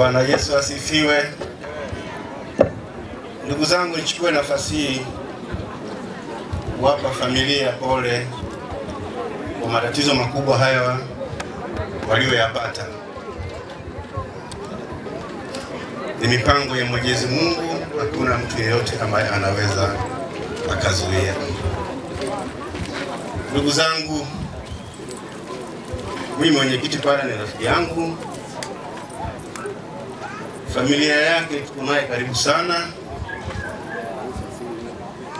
Bwana Yesu asifiwe. Ndugu zangu, nichukue nafasi hii kuwapa familia pole kwa matatizo makubwa haya walioyapata. Ni mipango ya Mwenyezi Mungu, hakuna mtu yeyote ambaye anaweza akazuia. Ndugu zangu, mimi mwenyekiti pale ni rafiki yangu familia yake tuko naye karibu sana.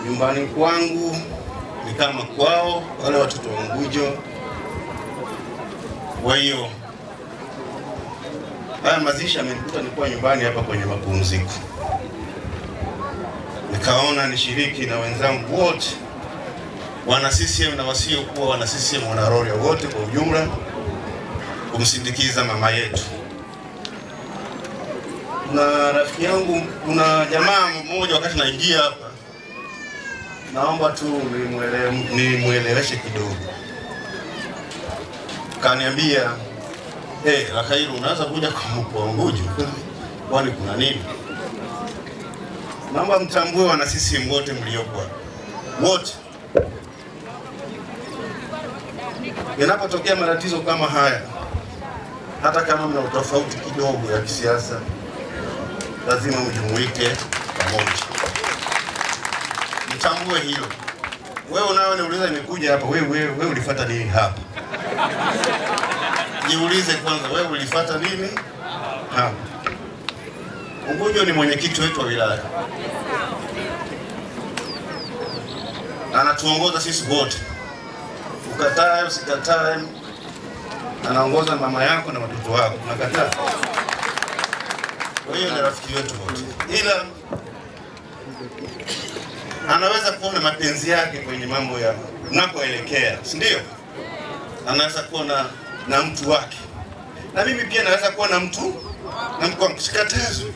Nyumbani kwangu ni kama kwao, wale watoto wa ngujo Kwa hiyo haya mazishi amenikuta nilikuwa nyumbani hapa kwenye mapumziko, nikaona nishiriki na wenzangu wote wana CCM na wasiokuwa wana CCM, wana Rorya wote kwa ujumla kumsindikiza mama yetu. Kuna rafiki yangu, kuna jamaa mmoja wakati naingia hapa, naomba tu nimweleweshe kidogo. Kaniambia eh, hey, Rakairu unaweza kuja kwa Unguju, kwani kuna nini? Naomba mtambue wana sisi wote mliokuwa wote, yanapotokea matatizo kama haya, hata kama mna utofauti kidogo ya kisiasa lazima mjumuike pamoja, mtambue hilo. Wewe niuliza nimekuja hapa, wewe wewe ulifuata nini hapa? Jiulize kwanza, wewe ulifuata nini hapa? Unguja ni mwenyekiti wetu wa wilaya, anatuongoza sisi wote, ukatae usikatae, anaongoza mama yako na watoto wako, nakataa kwa hiyo ni rafiki wetu wote, ila anaweza kuona mapenzi yake kwenye mambo ya nakoelekea, si ndio? Anaweza kuona na mtu wake, na mimi pia naweza kuwa na mtu na mtu Sikatazwi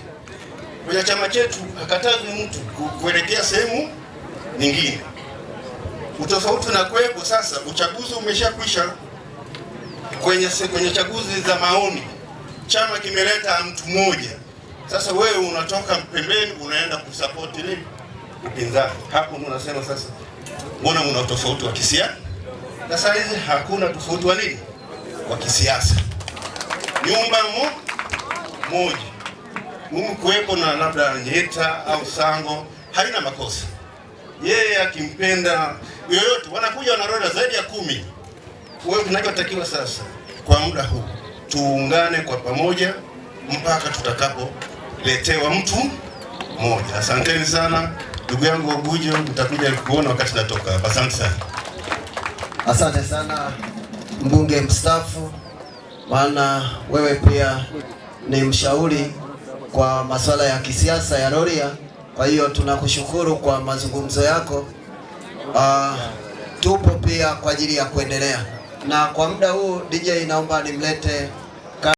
kwenye chama chetu, hakatazwi mtu kuelekea sehemu nyingine. Utofauti na kwepo sasa, uchaguzi umeshakwisha. Kwenye, kwenye chaguzi za maoni chama kimeleta mtu mmoja sasa wewe unatoka pembeni unaenda kusapoti nini? Upinzani. Hapo ndo unasema sasa, mbona mna tofauti wa kisiasa? Na saa hizi hakuna tofauti wa nini? Wa kisiasa. Nyumba mu moja humu kuwepo na labda Nyeta au Sango haina makosa. Yeye akimpenda yoyote, wanakuja wanaroda zaidi ya kumi. Wewe tunachotakiwa sasa, kwa muda huu tuungane kwa pamoja mpaka tutakapo letewa mtu mmoja. Asanteni sana ndugu yangu Wagujo, nitakuja kuona wakati natoka hapa. Asante sana, asante sana mbunge mstaafu, maana wewe pia ni mshauri kwa masuala ya kisiasa ya Rorya. Kwa hiyo tunakushukuru kwa mazungumzo yako. Uh, tupo pia kwa ajili ya kuendelea na kwa muda huu DJ, naomba nimlete